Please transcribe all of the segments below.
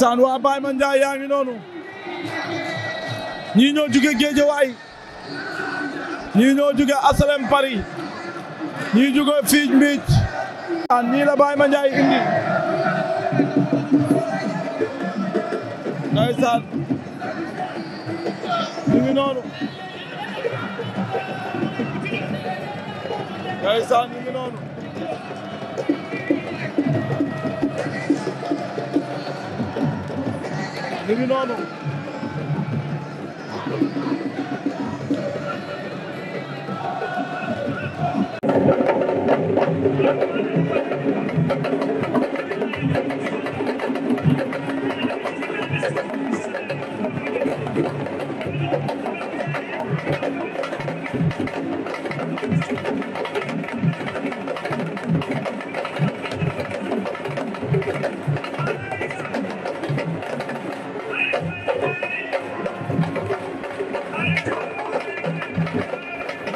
ndeysaan waa Baye Ma Ndiaye yaa ngi noonu ñii ñoo jóge Géejawaay ñii ñoo jóge Asalem Paris ñii jóge Fiij Mbiij ñii la Baye Ma Ndiaye indi ndeysaan ñu ngi noonu ndeysaan ñu ngi ñu ngi noonu Thank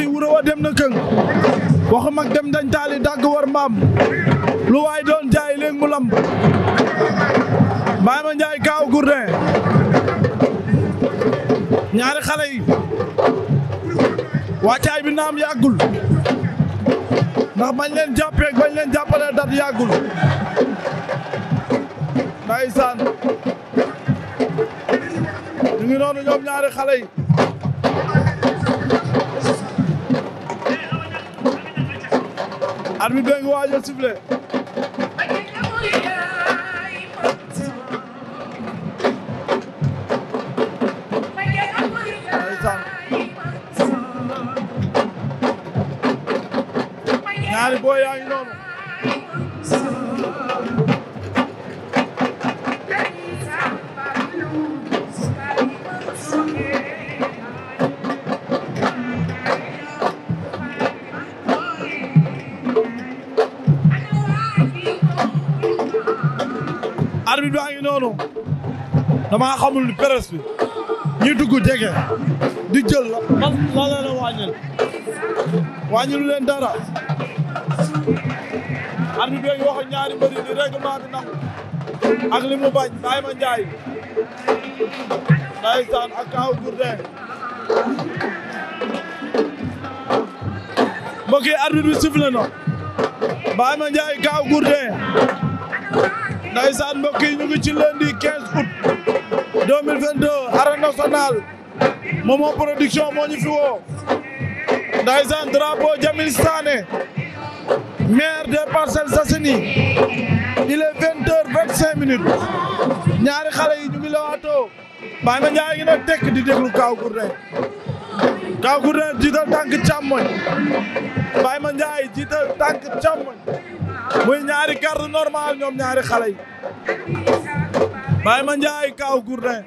kii wuro wa dem na këng waxu mag dem dañ taali dàgg war mbaam lu waay doon jaay léegi mu lamb Baye Mandiaye Kaaw Gourdin ñaari xale yi wàccaay bi naam yàggul ndax bañ leen jàppee bañ leen jàppale dat yàggul ndeysaan ñu ngi noonu ñoom ñaari xale arbitre bi ngi waaj a sifflé ñaari booy yaa ngi noonu noonu damaa xamul presse bi ñi dugg jege di jël la la la la leen dara arbitre bi ngi wax ñaari mbëri di règlement bi nag ak li mu bañ Baye Ma Ndiaye ndeysaan ak Kaaw Gourdin mbokk yi arbitre bi sifflé na Baye Ma Ndiaye Kaaw Gourdin ndaysaan mbokk yi ñu ngi ci lundi 15 août 2022 arène nationale production moo ñu fi woo ndaysaan drapeau Jamil Sané maire des Parcelles Assainies il est vingt heures vingt cinq minutes ñaari xale yi ñu ngi lewaatoo Baye Mandiaye ngi na tekk di déglu Kaw Gourdin Kaw Gourdin jiital tànk càmmoñ Baye Mandiaye jiital tànk càmmoñ muy ñaari garde normal ñoom ñaari xale yi Baye Mandiaye Kaw Gourdin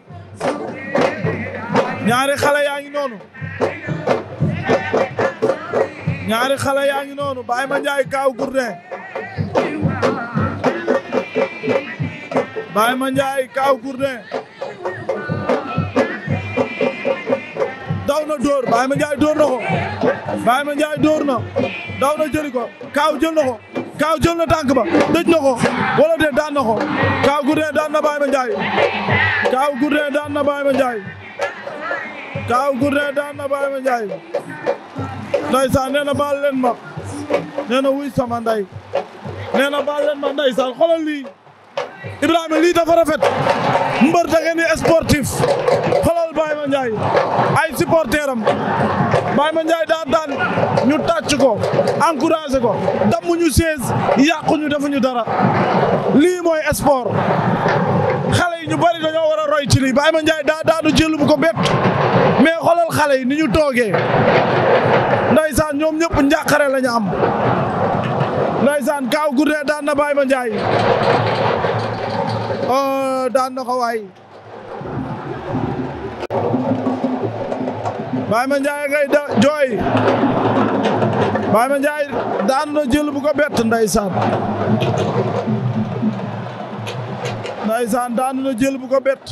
ñaari xale yaa ngi noonu ñaari xale yaa ngi noonu Baye Mandiaye Kaw Gourdin Baye Mandiaye Kaw Gourdin daw na dóor Baye Mandiaye dóor na ko Baye kaaw jël na tànk ba dëj na ko wala de daan na ko kaaw Gourdin daan na Baye Mandiaye kaaw Gourdin daan na Baye Mandiaye kaaw Gourdin daan nee na baal leen ma nee na wuy sama nee na baal leen ma ndeysaan xoolal lii Ibrahima lii dafa rafet mbër da ngeen di sportif xoolal Baye Mandiaye ay supporteram Baye Mandiaye daa daan ñu tàcc ko encouragé ko dammuñu chaise yàquñu defuñu dara lii mooy sport xale yi ñu bari dañoo war a roy ci lii Baye Mandiaye daa daanu jël ko bett mais xoolal xale yi ni ñu toogee ndaysaan ñoom ñëpp njàqare lañu am ndaysaan kaaw gurdee daan na Baye Mandiaye oh, daan na ko waay Baye Mandiaye ngay da jooy Baye Mandiaye daanu na jël bu ko bett ndeysaan ndeysaan daanu na jël bu ko bett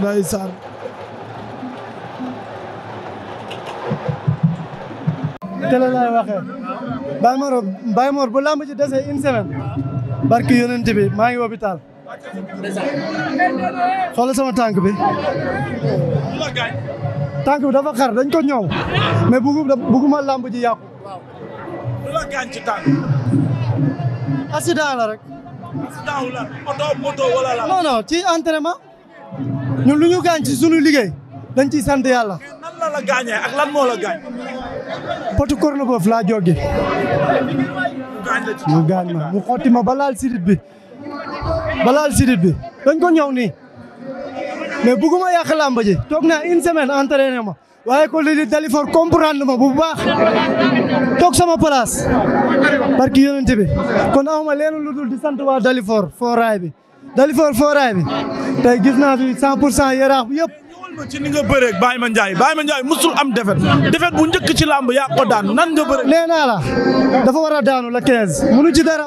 ndeysaan tele lay waxee Baye Mor bu lamb ji desee une semaine barki yonent bi maa ngi hôpital xoolal sama tànk bi tànk bi dafa xar dañ ko ñëw mais bëgguma làmb ji yàqu. la gaañ ci tànk. rek. accident wu la ci entraînement ñun lu ñu gaañ ci sunu liggéey dañ ciy sant yàlla. nan la la gaañee ak mu gaañ ma mu xotti ma ba sidit bi. ba laal sidit bi dañ ko ñëw nii mais bëgguma yàq làmb ji toog naa une semaine entraîné ma waaye ko li Dalifort comprendre ma bu baax toog sama place barki yonente bi kon awma leen lu dul di sant waa Dalifort fooraay bi Dalifort fooraay bi tey gis naa fi 100 pour cent yaraax bi yëpp ma ci ni nga bëreeg Baye Ma Ndiaye Baye Ma Ndiaye musul am defet defet bu njëkk ci làmb yaa ko daan nan nga bëre. nee naa la dafa war a daanu la 15 munu ci dara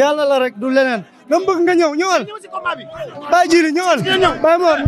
yàlla la rek du leneen. dama bëgg nga ñëw ñëwal. Baye Jili ñëwal Baye Mor.